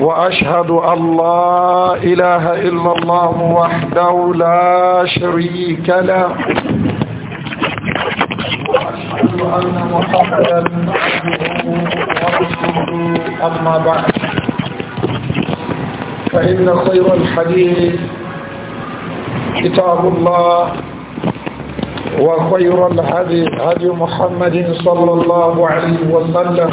وأشهد أن لا إله إلا الله وحده لا شريك له وأشهد أن محمدا أما بعد فإن خير الحديث كتاب الله وخير الهدي هدي محمد صلى الله عليه وسلم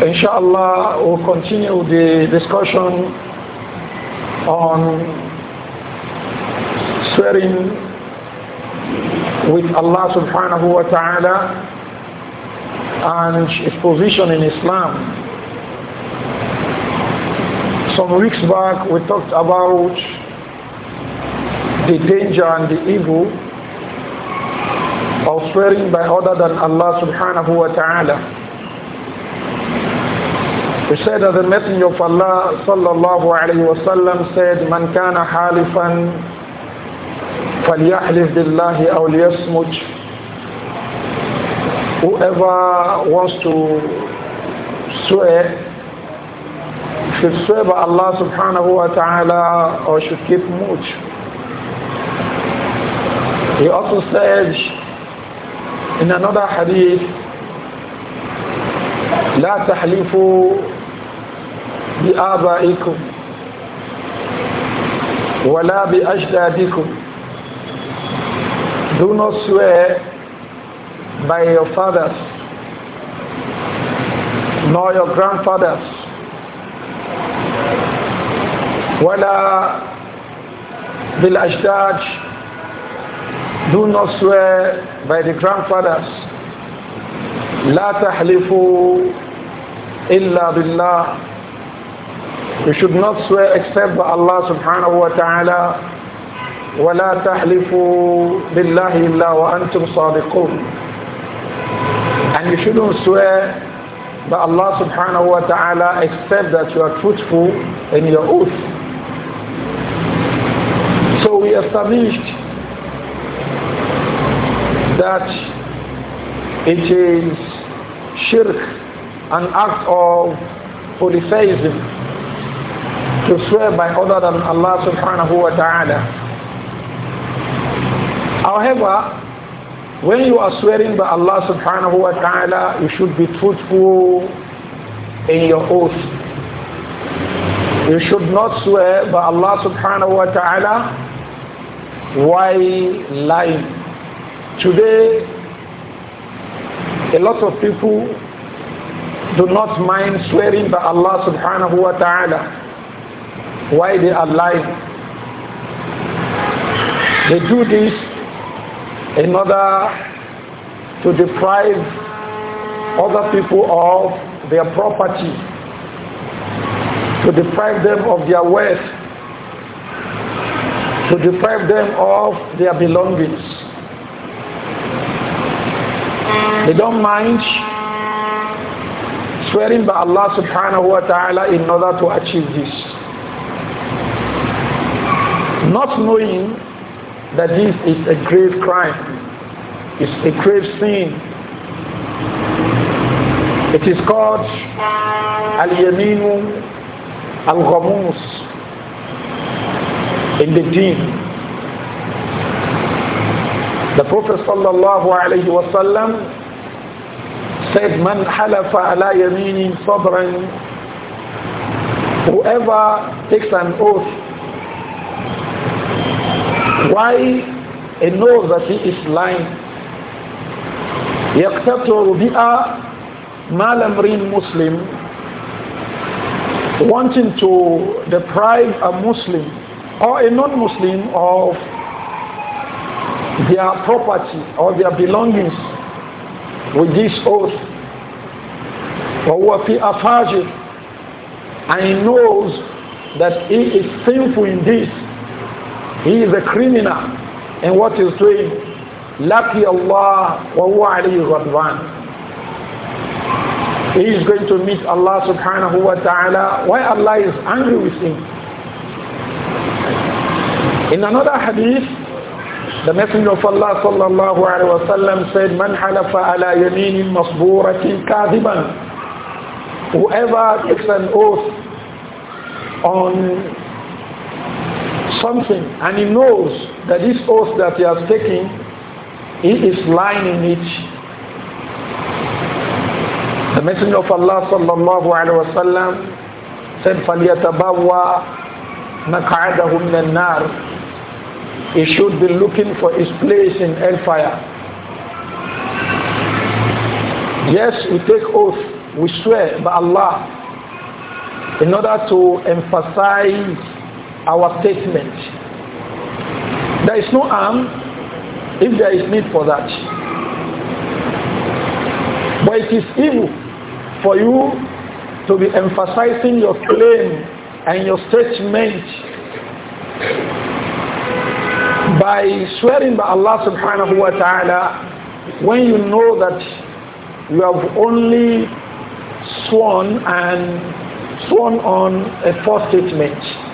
Inshallah, we'll continue the discussion on swearing with Allah subhanahu wa ta'ala and his position in Islam. Some weeks back we talked about the danger and the evil of swearing by other than Allah subhanahu wa ta'ala. He said that the Messenger of Allah sallallahu alayhi wa sallam said, Man kana halifan falyahlif billahi aw liyasmut. Whoever wants to swear should swear by Allah subhanahu wa ta'ala or should keep mut. He also said in another hadith, لا تحلفوا بآبائكم ولا بأجدادكم Do not swear by your fathers nor your grandfathers ولا بالأجداد Do not swear by the grandfathers لا تحلفوا إلا بالله we should not swear except by Allah subhanahu wa ta'ala. ولا تحلفوا بالله إلا وأنتم صادقون and you shouldn't swear by Allah subhanahu wa ta'ala except that you are truthful in your oath. So we established that it is shirk, an act of polytheism to swear by other than Allah subhanahu wa ta'ala. However, when you are swearing by Allah subhanahu wa ta'ala, you should be truthful in your oath. You should not swear by Allah subhanahu wa ta'ala while lying. Today, a lot of people do not mind swearing by Allah subhanahu wa ta'ala why they are lying. They do this in order to deprive other people of their property, to deprive them of their wealth, to deprive them of their belongings. They don't mind swearing by Allah subhanahu wa ta'ala in order to achieve this not knowing that this is a grave crime, it's a grave sin. It is called al-yaminu al-ghamus in the deen. The Prophet sallallahu alayhi wa sallam said, Man halafa ala yaminin sabran Whoever takes an oath why he knows that he is lying? يقتطر بها مال امرئ Muslim, wanting to deprive a Muslim or a non-Muslim of their property or their belongings with this oath. وهو في أفاجر and he knows that he is sinful in this he is a criminal in what he's doing. Lucky Allah wa you alayhi radwan. He is going to meet Allah subhanahu wa ta'ala. Why Allah is angry with him? In another hadith, the Messenger of Allah sallallahu alayhi wa sallam said, Man halafa ala yaminin masburatin kadhiban. Whoever takes an oath on something and he knows that this oath that he has taken, he is lying in it. The Messenger of Allah sallallahu alaihi wasallam said, فَلْيَتَبَوَّى مَقْعَدَهُ مِنَ النَّارِ He should be looking for his place in hellfire. Yes, we take oath, we swear by Allah in order to emphasize our statement. There is no harm if there is need for that. But it is evil for you to be emphasizing your claim and your statement by swearing by Allah subhanahu wa ta'ala when you know that you have only sworn and sworn on a false statement.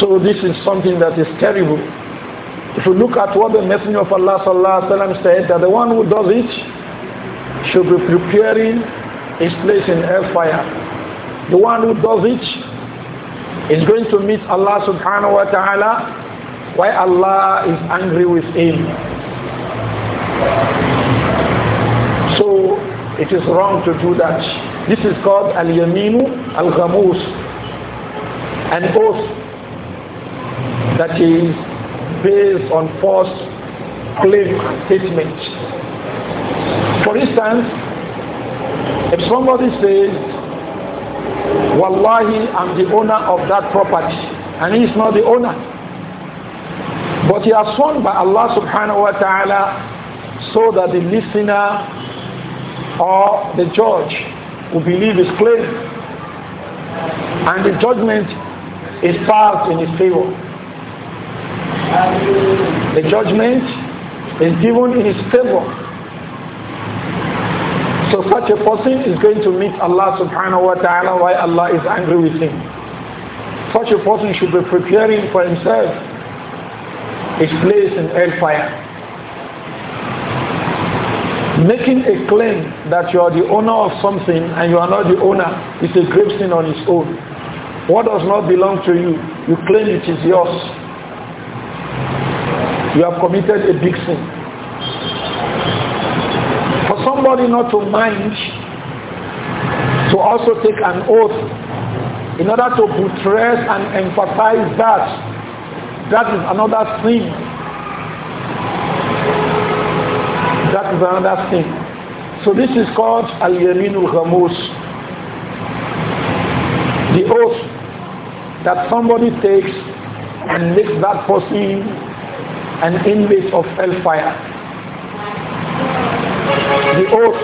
So this is something that is terrible. If you look at what the Messenger of Allah sallallahu alaihi wasallam said, that the one who does it should be preparing his place in hellfire. The one who does it is going to meet Allah subhanahu wa ta'ala why Allah is angry with him. So it is wrong to do that. This is called al-yaminu al-ghamus. An oath that is based on false claim statements. For instance, if somebody says, Wallahi, I'm the owner of that property, and he's not the owner. But he has sworn by Allah subhanahu wa ta'ala so that the listener or the judge will believe his claim. And the judgment is passed in his favor. The judgment is given in his favor. So such a person is going to meet Allah subhanahu wa ta'ala why Allah is angry with him. Such a person should be preparing for himself his place in hellfire making a claim that you are the owner of something and you are not the owner is a grave sin on its own. What does not belong to you, you claim it is yours you have committed a big sin. For somebody not to mind to also take an oath in order to buttress and emphasize that, that is another sin. That is another sin. So this is called al-yaminul ghamus. The oath that somebody takes and makes that person an inmate of hellfire. The oath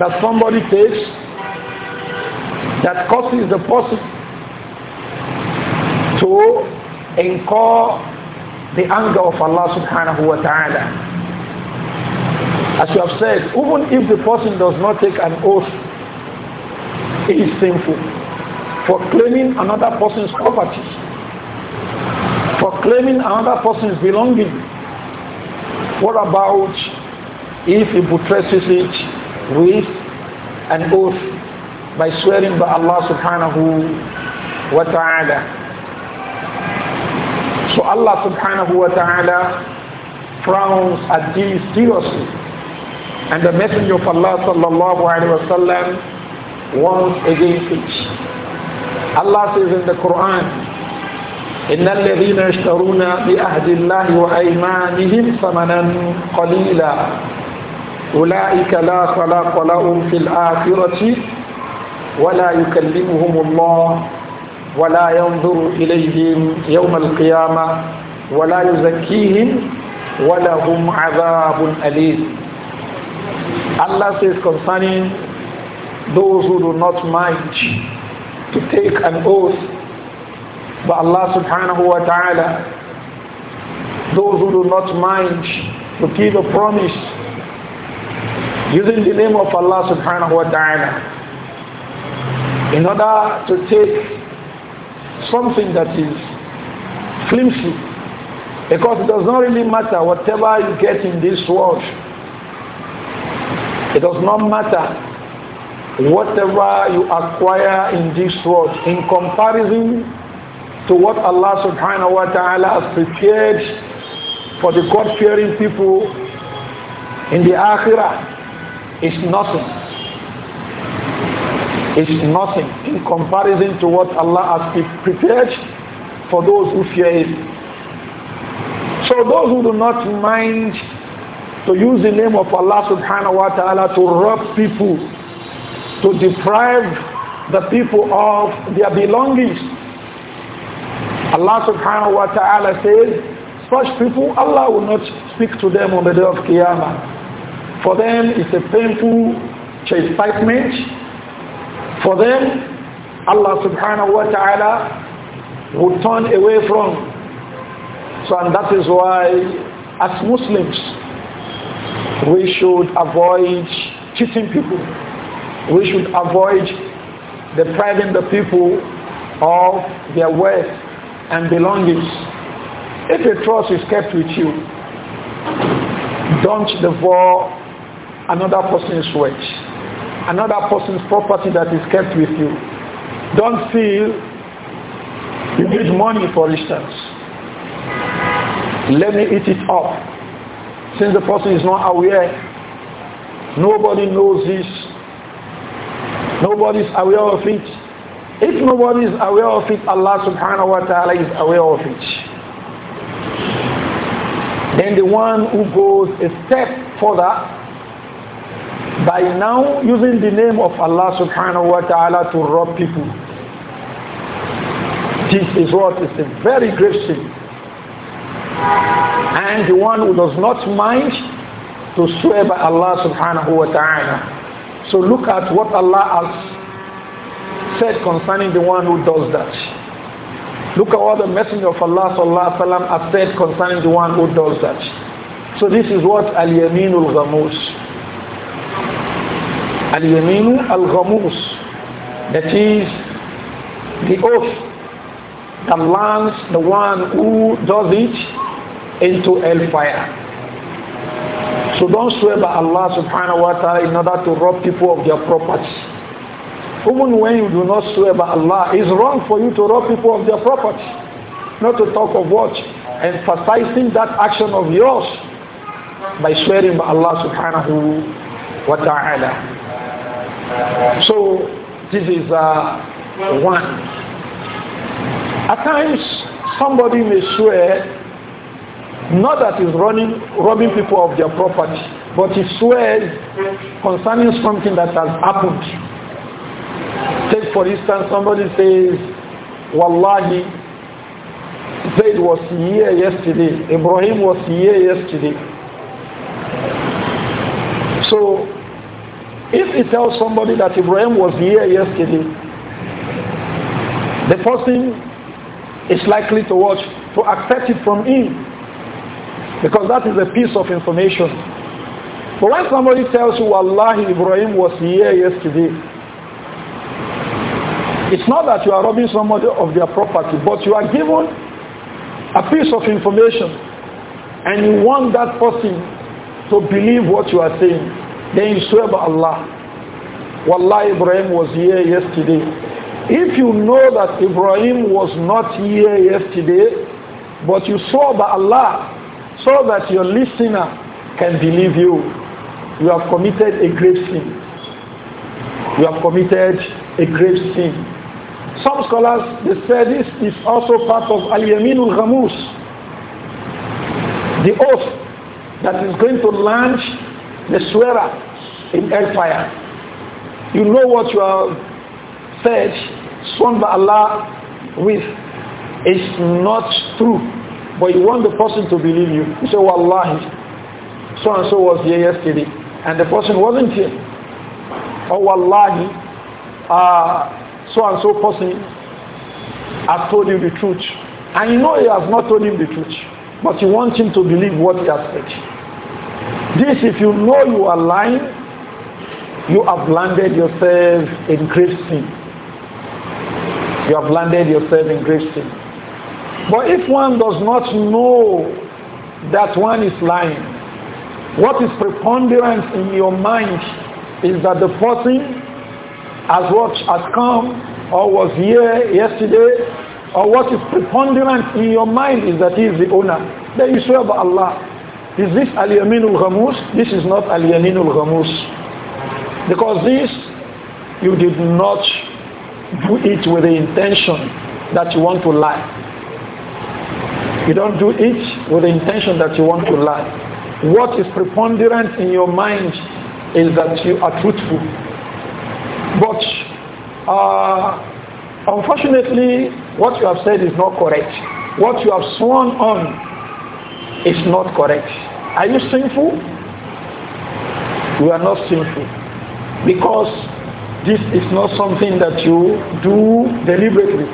that somebody takes that causes the person to incur the anger of Allah subhanahu wa ta'ala. As you have said, even if the person does not take an oath, it is sinful for claiming another person's property claiming another person's belonging. What about if he buttresses it with an oath by swearing by Allah subhanahu wa ta'ala? So Allah subhanahu wa ta'ala frowns at this seriously. And the Messenger of Allah sallallahu alayhi wa sallam warns against it. Allah says in the Quran, إن الذين يشترون بأهد الله وأيمانهم ثمنا قليلا أولئك لا خلاق لهم في الآخرة ولا يكلمهم الله ولا ينظر إليهم يوم القيامة ولا يزكيهم ولهم عذاب أليم Allah says concerning those who do not mind to take an oath But Allah subhanahu wa ta'ala, those who do not mind to keep the promise, using the name of Allah subhanahu wa ta'ala, in order to take something that is flimsy, because it does not really matter whatever you get in this world. It does not matter whatever you acquire in this world in comparison to what Allah subhanahu wa ta'ala has prepared for the God-fearing people in the Akhirah is nothing. It's nothing in comparison to what Allah has prepared for those who fear Him. So those who do not mind to use the name of Allah subhanahu wa ta'ala to rob people, to deprive the people of their belongings, Allah subhanahu wa ta'ala says, such people, Allah will not speak to them on the day of Qiyamah. For them, it's a painful chastisement. For them, Allah subhanahu wa ta'ala will turn away from. So and that is why, as Muslims, we should avoid cheating people. We should avoid depriving the people of their wealth and belongings. If a trust is kept with you, don't devour another person's wealth, another person's property that is kept with you. Don't feel you need money, for instance. Let me eat it up. Since the person is not aware, nobody knows this. Nobody is aware of it. If nobody is aware of it, Allah subhanahu wa ta'ala is aware of it. Then the one who goes a step further by now using the name of Allah subhanahu wa ta'ala to rob people. This is what is a very grave sin. And the one who does not mind to swear by Allah subhanahu wa ta'ala. So look at what Allah has said concerning the one who does that. Look at what the Messenger of Allah sallallahu has said concerning the one who does that. So this is what al-yaminul ghamus. Al-yaminu al-ghamus. That is the oath that lands the one who does it into hellfire. So don't swear by Allah subhanahu wa ta'ala in order to rob people of their property even when you do not swear by Allah, it's wrong for you to rob people of their property. Not to talk of what? Emphasizing that action of yours by swearing by Allah subhanahu wa ta'ala. So this is uh, one. At times somebody may swear not that he's running, robbing people of their property, but he swears concerning something that has happened Take for instance, somebody says, Wallahi, Zaid was here yesterday, Ibrahim was here yesterday. So, if he tells somebody that Ibrahim was here yesterday, the person is likely to watch, to accept it from him. Because that is a piece of information. But when somebody tells you, Wallahi, Ibrahim was here yesterday, it's not that you are robbing somebody of their property, but you are given a piece of information and you want that person to believe what you are saying. Then you swear by Allah. Wallah, Ibrahim was here yesterday. If you know that Ibrahim was not here yesterday, but you swear by Allah so that your listener can believe you, you have committed a grave sin. You have committed a grave sin. Some scholars they say this is also part of al-yaminul ghamus, the oath that is going to launch the swearer in hellfire. You know what you have said, sworn by Allah with, is not true, but you want the person to believe you. You say, Wallahi, so and so was here yesterday, and the person wasn't here. oh, Wallahi, uh, so and so person has told you the truth. And you know he has not told him the truth. But you want him to believe what he has said. This, if you know you are lying, you have landed yourself in grave sin. You have landed yourself in grave sin. But if one does not know that one is lying, what is preponderance in your mind is that the person as what has come or was here yesterday or what is preponderant in your mind is that he is the owner. Then you swear by Allah. Is this Aliyaminul yaminul Ghamus? This is not Aliyaminul yaminul Ghamus. Because this, you did not do it with the intention that you want to lie. You don't do it with the intention that you want to lie. What is preponderant in your mind is that you are truthful. But uh, unfortunately, what you have said is not correct. What you have sworn on is not correct. Are you sinful? You are not sinful. Because this is not something that you do deliberately.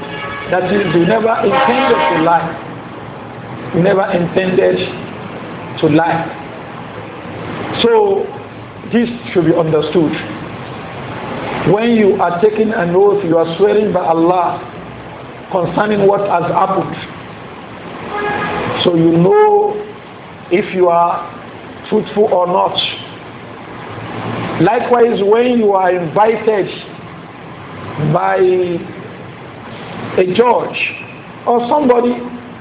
That is, you never intended to lie. You never intended to lie. So, this should be understood. When you are taking an oath, you are swearing by Allah concerning what has happened. So you know if you are truthful or not. Likewise, when you are invited by a judge or somebody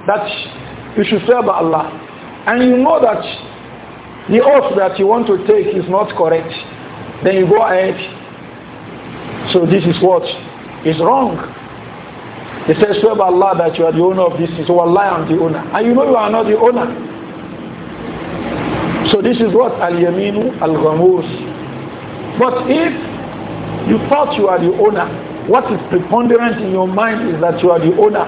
that you should swear by Allah, and you know that the oath that you want to take is not correct, then you go ahead so this is what is wrong. He says, swear by Allah that you are the owner of this. He says, Wallah, I'm the owner. And you know you are not the owner. So this is what al-yaminu al-ghamus. But if you thought you are the owner, what is preponderant in your mind is that you are the owner.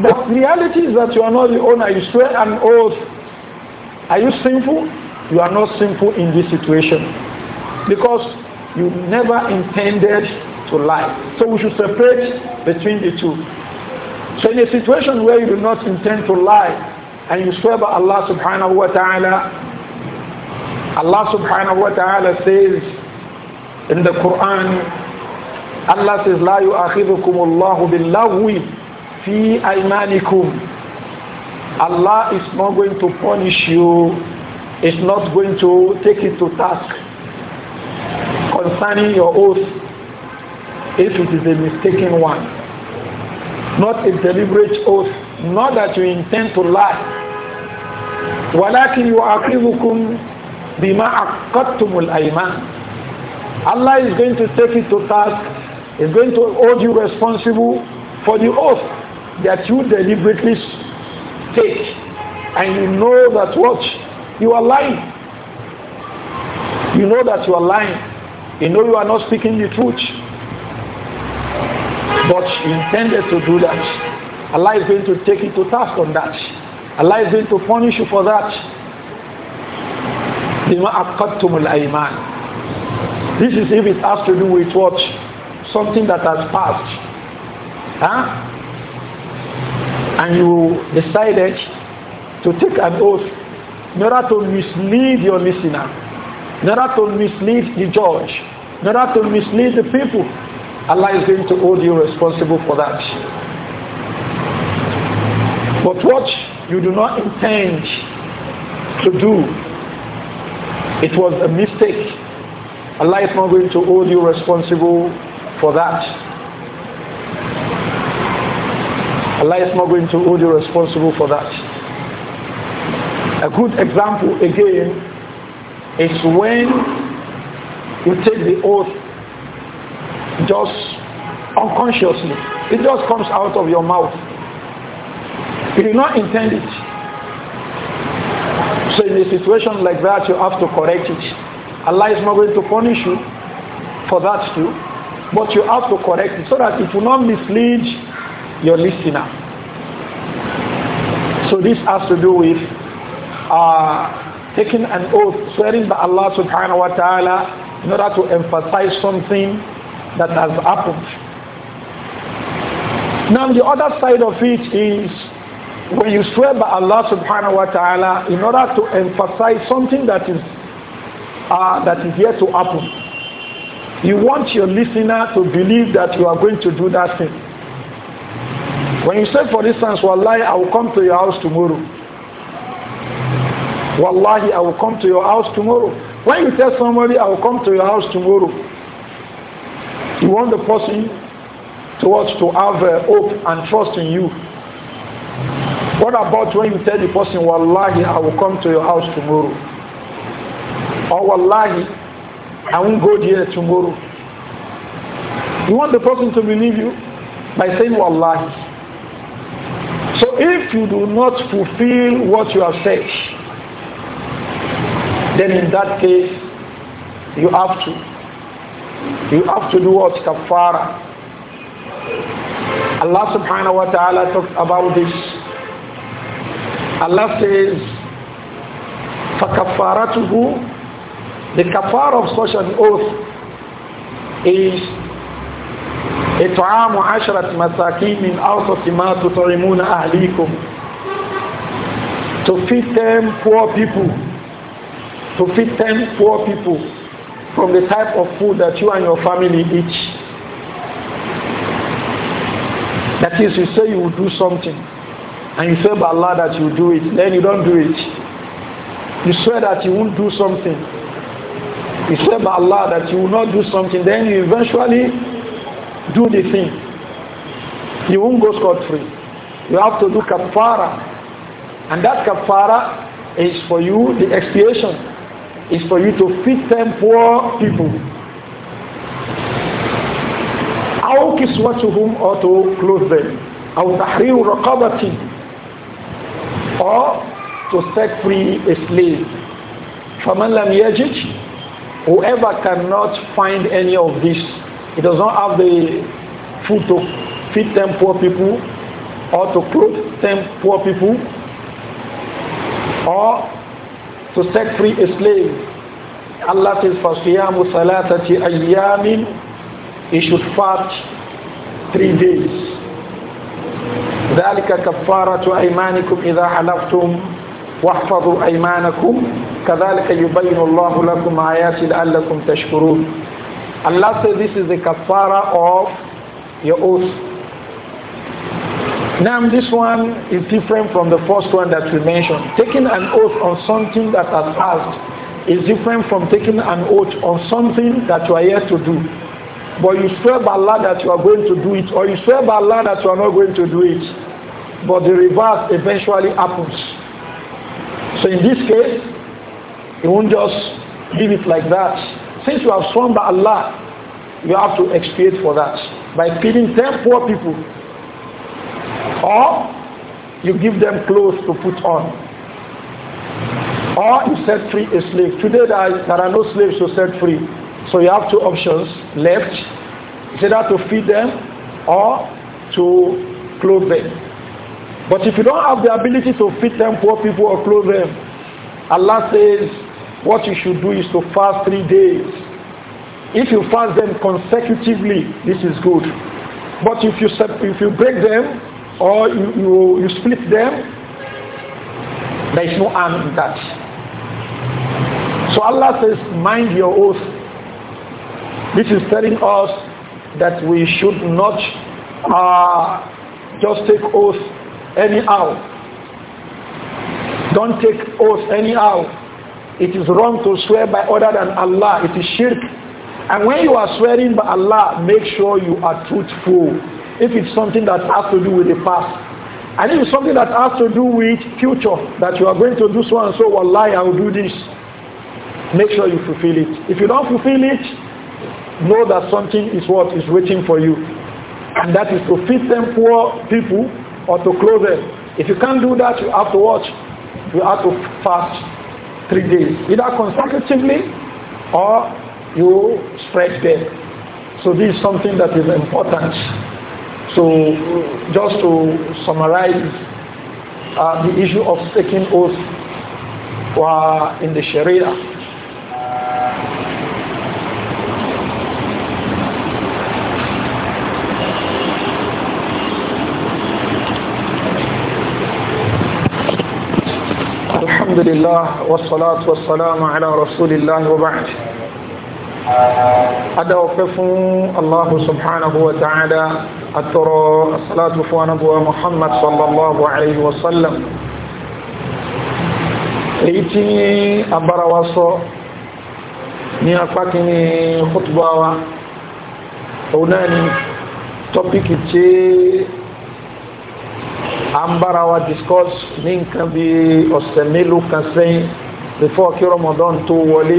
But reality is that you are not the owner. You swear an oath. Are you sinful? You are not sinful in this situation. Because you never intended to lie. So we should separate between the two. So in a situation where you do not intend to lie and you swear by Allah subhanahu wa ta'ala, Allah subhanahu wa ta'ala says in the Quran, Allah says, لا يؤاخذكم الله باللغو في أيمانكم. Allah is not going to punish you. It's not going to take it to task concerning your oath if it is a mistaken one. Not a deliberate oath, not that you intend to lie. ولكن يعاقبكم بما عقدتم الأيمان Allah is going to take it to task, is going to hold you responsible for the oath that you deliberately take. And you know that what? You are lying. You know that you are lying. You know you are not speaking the truth. But he intended to do that. Allah is going to take you to task on that. Allah is going to punish you for that. This is if it has to do with what? Something that has passed. Huh? And you decided to take an oath not to mislead your listener, not to mislead the judge, not to mislead the people. Allah is going to hold you responsible for that. But what you do not intend to do, it was a mistake. Allah is not going to hold you responsible for that. Allah is not going to hold you responsible for that. A good example again is when you take the oath just unconsciously. It just comes out of your mouth. You did not intend it. So in a situation like that, you have to correct it. Allah is not going to punish you for that too, but you have to correct it so that it will not mislead your listener. So this has to do with uh, taking an oath, swearing by Allah subhanahu wa ta'ala in order to emphasize something that has happened. Now the other side of it is when you swear by Allah subhanahu wa ta'ala in order to emphasize something that is uh, that is yet to happen. You want your listener to believe that you are going to do that thing. When you say, for instance, Wallahi, I will come to your house tomorrow. Wallahi, I will come to your house tomorrow. When you tell somebody, I will come to your house tomorrow, you want the person to us to have uh, hope and trust in you. What about when you tell the person, Wallahi, I will come to your house tomorrow? Or Wallahi, I won't go there tomorrow. You want the person to believe you by saying Wallahi. So if you do not fulfill what you have said, then in that case, you have to you have to do what? Kafara. Allah subhanahu wa ta'ala talked about this. Allah says, فَكَفَّارَتُهُ The kafar of such an oath is إطعام عشرة مساكين من أوسط ما تطعمون أهليكم To feed them poor people. To feed them poor people from the type of food that you and your family eat. That is, you say you will do something, and you say by Allah that you do it, then you don't do it. You swear that you won't do something. You swear by Allah that you will not do something, then you eventually do the thing. You won't go scot-free. You have to do kafara. And that kafara is for you the expiation is for you to feed them poor people. أو كسوتهم or to clothe them أو تحرير رقبة or to set free a slave فمن لم يجد whoever cannot find any of this he does not have the food to feed them poor people or to clothe them poor people or to set free a slave. Allah says, فَصِيَامُ ثَلَاثَةِ أَيَّامٍ He should fast three days. ذَلِكَ كَفَّارَةُ أَيْمَانِكُمْ إِذَا حَلَفْتُمْ وَاحْفَظُوا أَيْمَانَكُمْ كَذَلِكَ يُبَيِّنُ اللَّهُ لَكُمْ آيَاتِ لَعَلَّكُمْ تَشْكُرُونَ Allah says this is the kafara of your oath now this one is different from the first one that we mentioned. Taking an oath on something that has passed is different from taking an oath on something that you are yet to do. But you swear by Allah that you are going to do it, or you swear by Allah that you are not going to do it. But the reverse eventually happens. So in this case, you won't just leave it like that. Since you have sworn by Allah, you have to expiate for that by killing 10 poor people or you give them clothes to put on. Or you set free a slave. Today there are, no slaves to set free. So you have two options left. It's either to feed them or to clothe them. But if you don't have the ability to feed them, poor people, or clothe them, Allah says what you should do is to fast three days. If you fast them consecutively, this is good. But if you, if you break them, or you, you, you split them, there is no harm in that. So Allah says, mind your oath. This is telling us that we should not uh, just take oath anyhow. Don't take oath anyhow. It is wrong to swear by other than Allah. It is shirk. And when you are swearing by Allah, make sure you are truthful if it's something that has to do with the past. And if it's something that has to do with future, that you are going to do so and so, lie. I will do this. Make sure you fulfill it. If you don't fulfill it, know that something is what is waiting for you. And that is to feed them poor people or to clothe them. If you can't do that, you have to watch. You have to fast three days, either consecutively or you spread them. So this is something that is important. So just to summarize uh, the issue of taking oath uh, in the Sharia. الحمد لله والصلاة والسلام على رسول الله وبعد ada ọpẹ́ fún allahu subhanahu wa ta'ala atọrọ asalatu fún anabuwa muhammad sallallahu alayhi wa sallam èyí tí abarawa sọ ní apá kìíní khutba wa òun náà ni tọ́píkì tí a ń bára wa discuss ní nǹkan bí ọ̀sẹ̀ before kí ramadan tó wọlé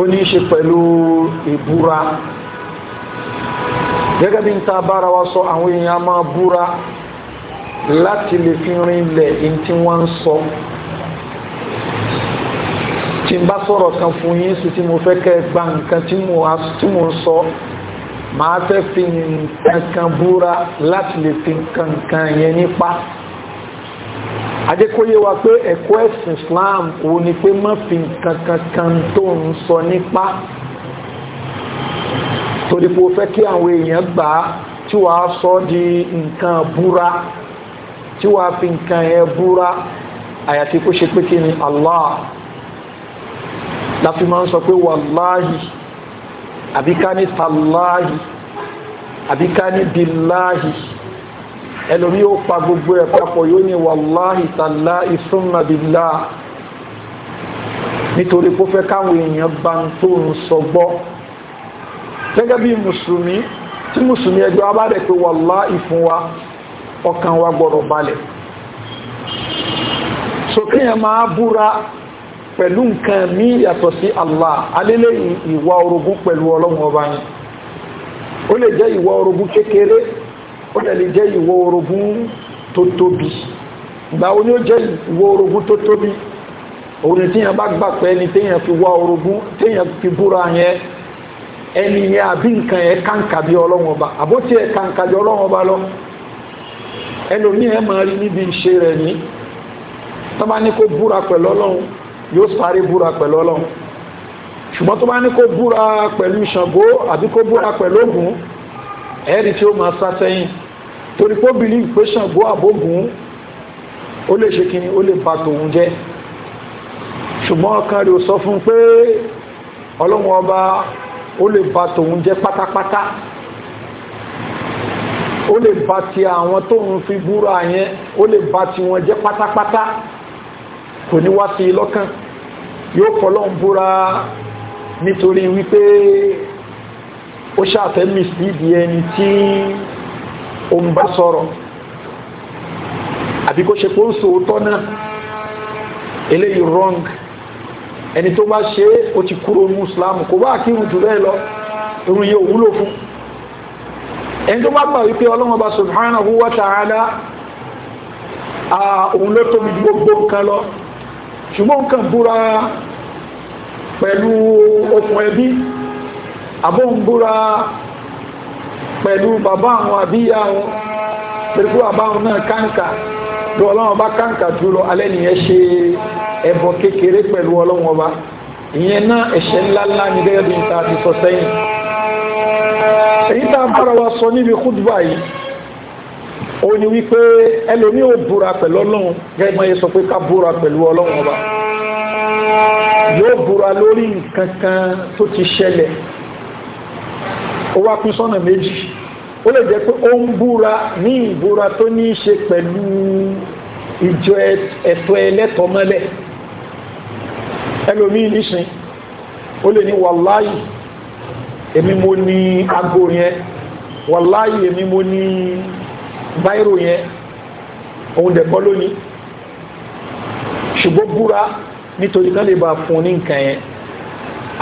ó ní ṣe pẹ̀lú ìbúra gẹ́gẹ́ bí n ta bára wa sọ àwọn èèyàn máa búra láti lè fi rinlẹ̀ in tí wọ́n ń sọ tí n bá sọ̀rọ̀ kan fún yín sí tí mo fẹ́ kẹ́ gba nǹkan tí mo ń sọ màá fẹ́ fi nǹkan kan búra láti lè fi nǹkan kan yẹn nípa adékóyè wa pé ẹ̀kọ́ ẹ̀sìn Islam wo ni pé má fi nǹkan kankan tó ń sọ nípa torí pé o fẹ́ kí àwọn èèyàn gbà á tí wàá sọ di nǹkan búra tí wàá fi nǹkan yẹn búra àyàfi kó ṣe pé kí ni Allah láti máa ń sọ pé wàláhì àbíká ní tàláhì àbíká ní bíláhì. ẹlòmí yóò pa gbogbo ẹ̀ papọ̀ yóò ní wàláhì tàlá ìsúnmàbílá nítorí pé fẹ́ káwọn èèyàn bá ń tó ń sọ gbọ́ gẹ́gẹ́ bí mùsùlùmí tí mùsùlùmí ẹjọ́ pé wàláhì fún wa ọkàn wa gbọ́dọ̀ balẹ̀ sókè máa búra pẹ̀lú nǹkan mí yàtọ̀ sí ìwà orogún pẹ̀lú ọlọ́run ọba ó lè jẹ́ ìwà orogún kékeré ó tẹ̀lé jẹ́ ìwọ orogún tó tóbi ìgbà wo ni ó jẹ́ ìwọ orogún tó tóbi òun ni téèyàn bá gbà pé ẹni téèyàn fi wá orogún téèyàn fi búra yẹn ẹni yẹn àbí nǹkan yẹn kàǹkà bí ọlọ́run ọba àbó tiẹ̀ kàǹkà bí ọlọ́run ọba lọ ẹlòmíì ẹ máa rí níbi ìṣe rẹ̀ ní tó bá ní kó búra pẹ̀lú ọlọ́run yóò sáré búra pẹ̀lú ọlọ́run ṣùgbọ́n tó bá ní kó búra pẹ̀lú Ṣàngó àbí kó búra pẹ̀lú Ògún ẹ̀rí tí ó máa sá sẹ́yìn torí pé ó believe pé ṣàǹgó àbógun ó lè ṣe kíni ó lè ba tòun jẹ́ ṣùgbọ́n ọkàn rẹ̀ ò sọ fún pé ọlọ́run ọba ó lè ba tòun jẹ́ pátápátá ó lè ba ti àwọn tóun fi búra yẹn ó lè ba ti wọn jẹ́ pátápátá kò ní wá sí i lọ́kàn yóò fọlọ́run búra nítorí wípé ó ṣàfẹ́ ẹni tí ó ń bá sọ̀rọ̀ àbí kó ṣe pé ó ń sòótọ́ náà eléyìí wrong ẹni tó bá ṣe é ó ti kúrò ní islam kò bá kírun jù bẹ́ẹ̀ lọ irun yóò wúlò fún ẹni tó bá gbà wípé ọlọ́run ọba subhanahu wa ta'ala òun ló tóbi ju gbogbo nǹkan lọ ṣùgbọ́n nǹkan búra pẹ̀lú okùn ẹbí àbóhùn búra pẹ̀lú bàbá àwọn àbíyá wọn pẹ̀lú bàbá àwọn náà káńkà tó ọlọ́wọ́n bá káńkà jùlọ alẹ́ nìyẹn ṣe ẹbọ kékeré pẹ̀lú ọlọ́wọ́n bá ìyẹn náà ẹ̀ṣẹ̀ ńláńlá ní gẹ́gẹ́ bí nta àti sọ sẹ́yìn èyí tá a bára wa sọ níbi kúdùbà yìí ó ní wípé ẹlòmíì ò búra pẹ̀lú ọlọ́run gẹ́gẹ́ mọ́ yẹ sọ pé ká búra pẹ̀lú ọlọ́run ó wá pín sọ́nà méjì ó lè jẹ́ pé ó ń búra ní ìbúra tó ní í ṣe pẹ̀lú ìjọ ẹ̀tọ́ ẹlẹ́tọ̀ mọ́lẹ̀ ẹlòmíì nísìn ó lè ní wàláyì èmi mo ní ago yẹn wàláyì èmi mo ní báírò yẹn òun dẹ̀kọ́ lónìí ṣùgbọ́n búra nítorí kan lè bá fún ní nǹkan yẹn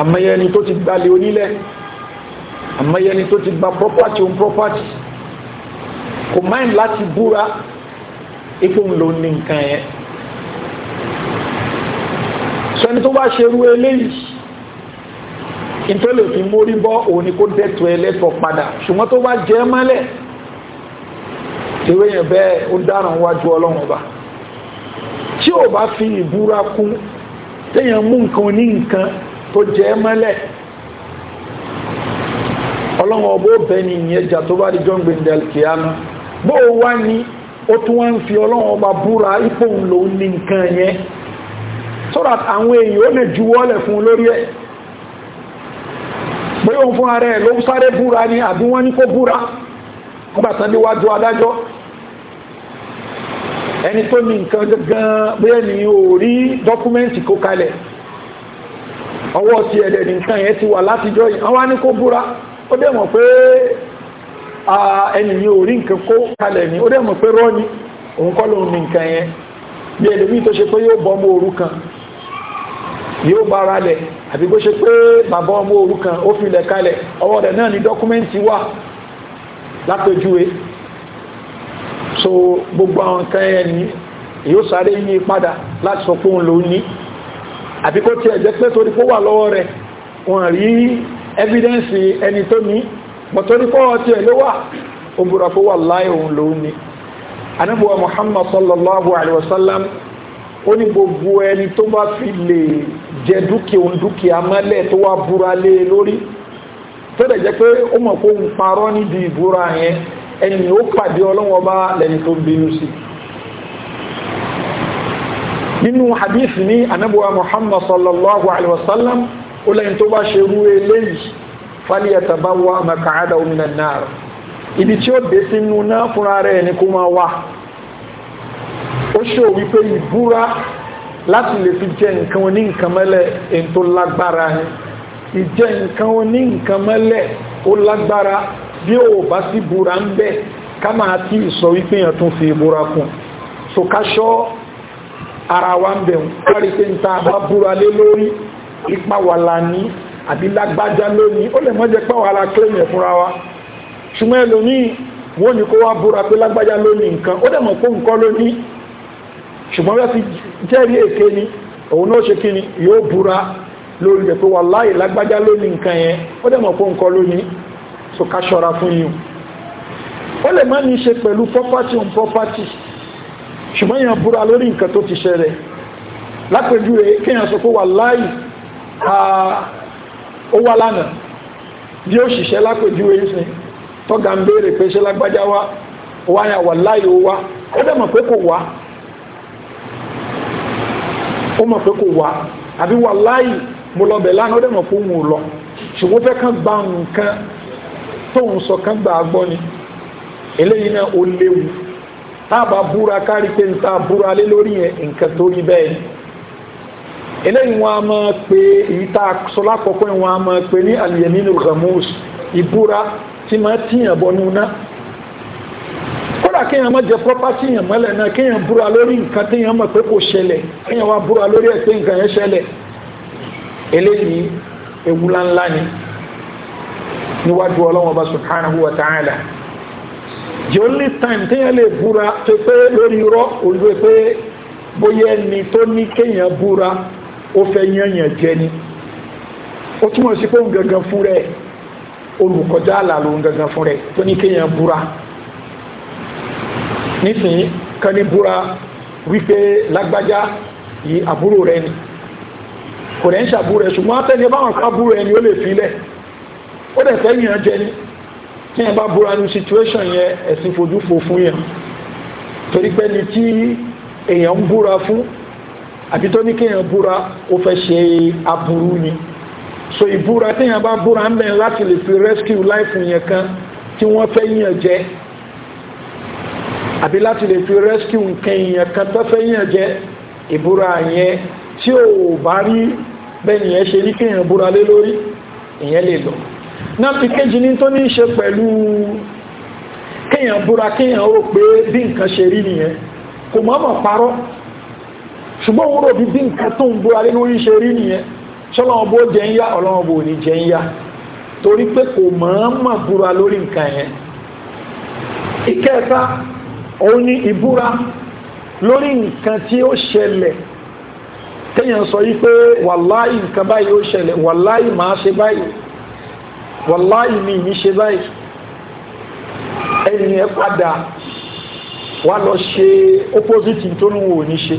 àmọ́ tó ti gbalẹ̀ onílẹ̀ àmọ́ ẹni tó ti gba property on property kò mind láti búra ipò ń lo ní nǹkan yẹn sọni tó bá ṣerú eléyìí ìtọ́lẹ̀ òfin mórí bọ́ òun ni kó dẹ̀tọ̀ ẹlẹ́tọ̀ padà ṣùgbọ́n tó bá jẹ́ mọ́lẹ̀ ìwé yẹn bẹ́ẹ̀ ó dáràn wájú ọlọ́run ọba tí ò bá fi ìbúra kún téèyàn mú nǹkan ní nǹkan tó jẹ́ mọ́lẹ̀ ọlọ́run ọbọ̀ bẹ́ni ìyẹn jà tó bá di john gbendel kìíyàmá bó o wá ní ó tún wá ń fi ọlọ́run ọba búra ipò ń lò ní nǹkan yẹn so that àwọn èèyàn ó lè juwọ́lẹ̀ fún lórí ẹ̀ pé òun fún ara ẹ̀ ló sáré búra ni àbí wọ́n ní kó búra nígbà tán níwájú adájọ́ ẹni tó ní nǹkan gangan bóyá ni ò rí dọ́kúmẹ́ǹtì kó kalẹ̀ ọwọ́ ti ẹ̀dẹ̀ nìkan yẹn ti wà látijọ́ yìí wọ́n wá ní kó búra ó dẹ̀ mọ̀ pé ẹnìyàn orí nǹkan kó kalẹ̀ ní ó dẹ̀ mọ̀ pé rọ́ ní òun kọ́ lóun ní nǹkan yẹn bí ẹlòmí tó ṣe pé yóò bọ́ ọmọ òrukàn yóò bára lẹ̀ àbí bó ṣe pé bàbá ọmọ òrukàn ó filẹ̀ kalẹ̀ ọwọ́ rẹ̀ náà ní dọ́kúmẹ́ntì wà lápẹjúwe so gbogbo àwọn nǹkan yẹn ni yóò sáré ní padà láti sọ pé òun lòun ní àbí kó tiẹ̀ pé torí kó wà lọ́wọ́ rẹ̀ wọ́n rí evidence ẹni tó ní mọ̀tọ́rí fọ́wọ́ tí ẹ̀ ló wà ó búra fún wallahi òun lòun ni anábùwà muhammad sallallahu alaihi wasallam ó ní gbogbo ẹni tó bá fi lè jẹ dúkìá òun dúkìá mọ́lẹ̀ tó wá búra lé e lórí tó dẹ̀ jẹ́ pé ó mọ̀ kó ń parọ́ níbi ìbúra yẹn ẹni ó pàdé ọlọ́wọ́ bá lẹ́ni tó bínú sí nínú hadith ní anábùwà muhammad sallallahu alaihi wasallam ó lẹ́yìn tó bá ṣe rú eléyìí fálíyàtà bá wà màkàádà òmìnà náà ibi tí ó dé sínú náà fúnra rẹ̀ ní kó máa wà ó ṣe ò wípé ìbúra láti lè fi jẹ nǹkan oní nǹkan mẹ́lẹ̀ èyí tó lágbára ni ìjẹ nǹkan oní nǹkan mẹ́lẹ̀ ó lágbára bí ó bá sí búra ń bẹ̀ ká máa tí ìsọ wípé yẹn tún fi ìbúra kún so ká ṣọ́ ara wa ń bẹ̀ ń kárí pé ń ta bá búra lé lórí ipa wà lání àbí lágbájá lónìí ó lè mọ́ jẹ́ pé wàhálà claim yẹn fúnra wa ṣùgbọ́n ẹlòmíì wọ́n ní kó wá búra pé lágbájá lónìí nǹkan ó dẹ̀ mọ̀ pé nǹkan lónìí ṣùgbọ́n wọ́n ti jẹ́rìí èké ni òun náà ṣe kíni yóò búra lórí rẹ̀ pé wà láì lágbájá lónìí nǹkan yẹn ó dẹ̀ mọ̀ nǹkan lónìí property on property ṣùgbọ́n yẹn búra lórí nǹkan tó ti ṣẹlẹ̀ lápèjúwe ó wá lánàá bí ó ṣiṣẹ́ lápèjúwe ìsìn tọ́gà ń béèrè pé ṣe lágbájá wá wá yà wà láì ó wá ó dẹ̀ mọ̀ pé kò wá ó mọ̀ pé kò wá àbí wà láì mo lọ bẹ̀ lánàá ó dẹ̀ mọ̀ pé òun lọ ṣùgbọ́n fẹ́ kán gba nǹkan tóun sọ kán gbà á ni eléyìí náà ó léwu táàbà búra kárí pé ń ta búra lé lórí yẹn nǹkan tó rí bẹ́ẹ̀ ni eléyìí wọn a máa pe èyí tá a yìí wọn a máa pe ní aliyaminu ghamus ìbúra tí máa tíyàn bọnú náà kódà kéèyàn má jẹ pọ́pátì yàn mọ́lẹ̀ náà kéèyàn búra lórí nǹkan téèyàn mọ̀ pé kò ṣẹlẹ̀ kéèyàn wá búra lórí ẹ̀ pé nǹkan yẹn ṣẹlẹ̀ eléyìí ewu ńláńlá ni níwájú ọlọ́wọ́n bá subhanahu wa ta'ala the only time téèyàn lè búra tó pé lórí irọ́ òun ló pé bóyá ẹni tó ní kéèyàn búra ó fẹ́ yányàn jẹ ni ó túmọ̀ sí pé òun gangan fún rẹ̀ olùkọjá àlà lòun gangan fún rẹ̀ tó ní kéèyàn búra nísìnyí kan ní búra wípé lágbájá yìí àbúrò rẹ̀ ni kò rẹ̀ ń ṣàbúrò ẹ̀ ṣùgbọ́n àtẹ́ni báwọn kan búrò ẹni ó lè filẹ̀ ó dẹ̀ fẹ́ yàn jẹ ni tí ẹ bá búra ní situation yẹn ẹ̀sìn fojú fo fún yàn torí pé ni tí èèyàn ń búra fún àbí tó ní kéèyàn búra ó fẹ́ ṣe aburú ni so ìbúra téèyàn bá búra ń bẹ̀rẹ̀ láti lè fi rescue life yẹn kan tí wọ́n fẹ́ yàn jẹ àbí láti lè fi rescue nǹkan yẹn kan tó fẹ́ yàn jẹ ìbúra yẹn tí ò bá rí bẹ́ẹ̀ nìyẹn ṣe ní kéèyàn búra lé lórí ìyẹn lè lọ náà fi kéjì ní tó ní ṣe pẹ̀lú kéèyàn búra kéèyàn rò pé bí nǹkan ṣe rí nìyẹn kò mọ́mọ̀ parọ́ ṣùgbọ́n òun rò bí bí nǹkan tó ń búra lé lórí ṣe rí nìyẹn ṣọ́lọ́wọ́n bó jẹ́ ń yá ọlọ́wọ́n bó ní jẹ́ ń yá torí pé kò mọ̀ọ́mọ̀ búra lórí nǹkan yẹn ìkẹta òun ni ìbúra lórí nǹkan tí ó ṣẹlẹ̀ téèyàn sọ yí pé wàláì nǹkan báyìí ó ṣẹlẹ̀ wàláì máa ṣe báyìí wàláì mi ní ṣe báyìí ẹni ẹ padà wá lọ ṣe opposite tó ń wò ní ṣe.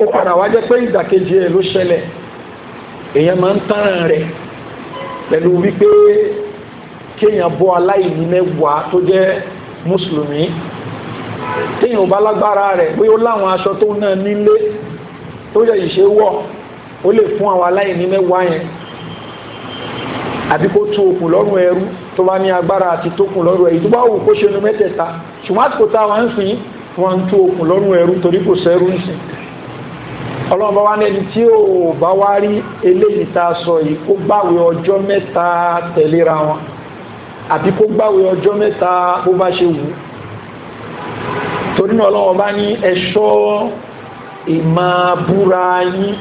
ó padà wá jẹ́ pé ìdàkejì ẹ̀ ló ṣẹlẹ̀ èèyàn máa ń tán rẹ̀ pẹ̀lú wípé kéèyàn bọ́ aláìní mẹ́wàá tó jẹ́ mùsùlùmí téèyàn ò bá lágbára rẹ̀ pé ó láwọn aṣọ tó náà nílé tó yẹ ìṣe wọ̀ ó lè fún àwọn aláìní mẹ́wàá yẹn àbí kó tú okùn lọ́rùn ẹrú tó bá ní agbára àti tókùn lọ́rùn ẹrú tó bá wù kó ṣe nu mẹ́tẹ̀ẹ̀ta ṣùgbọ́n àsìkò táwọn ń fi wọn ń tú okùn lọ́rùn ẹrú torí kò sẹ́rú ń ọlọ́run bá wá ní ẹni tí ó bá wá rí eléyìí tá a sọ yìí kó gbàwé ọjọ́ mẹ́ta tẹ̀léra wọn àbí kó gbàwé ọjọ́ mẹ́ta bó bá ṣe wù ú torí náà ọlọ́run bá ní ẹ̀ṣọ́ ìmọ̀ búra yín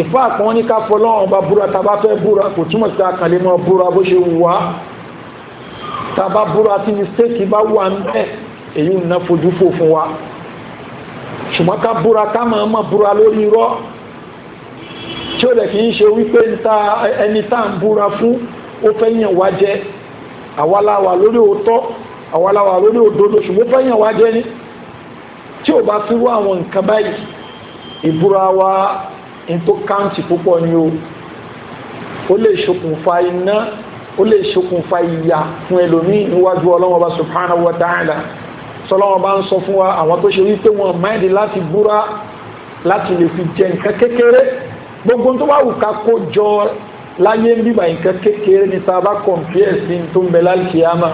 ìfọ́ àpọ́n ní ká fọlọ́run bá búra tá a bá fẹ́ búra kò túmọ̀ sí àkànlé mọ́ búra bó ṣe wù wá tá a bá búra tí mistake bá wà ń bẹ̀ èyí ń ná fojú fò fún wa ṣùgbọ́n ká búra ká máa mọ̀ búra lórí irọ́ tí ó lè kí ń ṣe wípé ẹni tá à ń búra fún ó fẹ́ yàn wá jẹ àwaláwa lórí òótọ́ àwaláwa lórí òdodo ṣùgbọ́n ó fẹ́ yàn wá jẹ ni tí ò bá fi wá àwọn nǹkan báyìí ìbúra wa n tó káǹtì púpọ̀ ni o ó lè ṣokùnfà iná ó lè ṣokùnfà ìyà fún ẹlòmíì níwájú ọlọ́wọ́ bá subhanahu wa ta'ala sọlọ́wọ́n bá ń sọ fún wa àwọn tó ṣe wípé wọn máìdì láti búra láti lè fi jẹ nǹkan kékeré gbogbo tó bá wù ká kó jọ láyé bíbà nǹkan kékeré ní ta bá kọ̀m̀pìẹ̀ sí tó ń bẹ lálùkìyàmà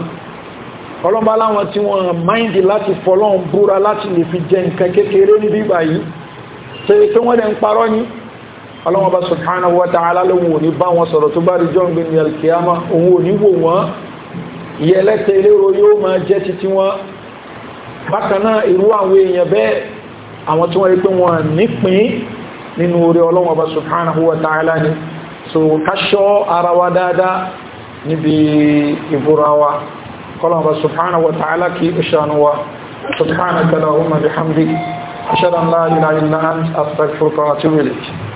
ọlọ́mọba láwọn tí wọ́n máìdì láti fọlọ́n búra láti lè fi jẹ nǹkan kékeré ní bíbà yìí ṣe pé wọ́n dẹ̀ ń parọ́ ní ọlọ́mọba subhanahu wa ta'ala yóò máa jẹ́ titi wọn bákan náà irú àwọn èèyàn bẹ́ẹ̀ àwọn tí wọ́n rí pé wọ́n nípín nínú orí ọlọ́wọ́n ọba subhanahu wa ta'ala ni so káṣọ́ ara wa dáadáa níbi ìbúra wa kọ́lọ́wọ́n ọba subhanahu wa ta'ala kí ó wa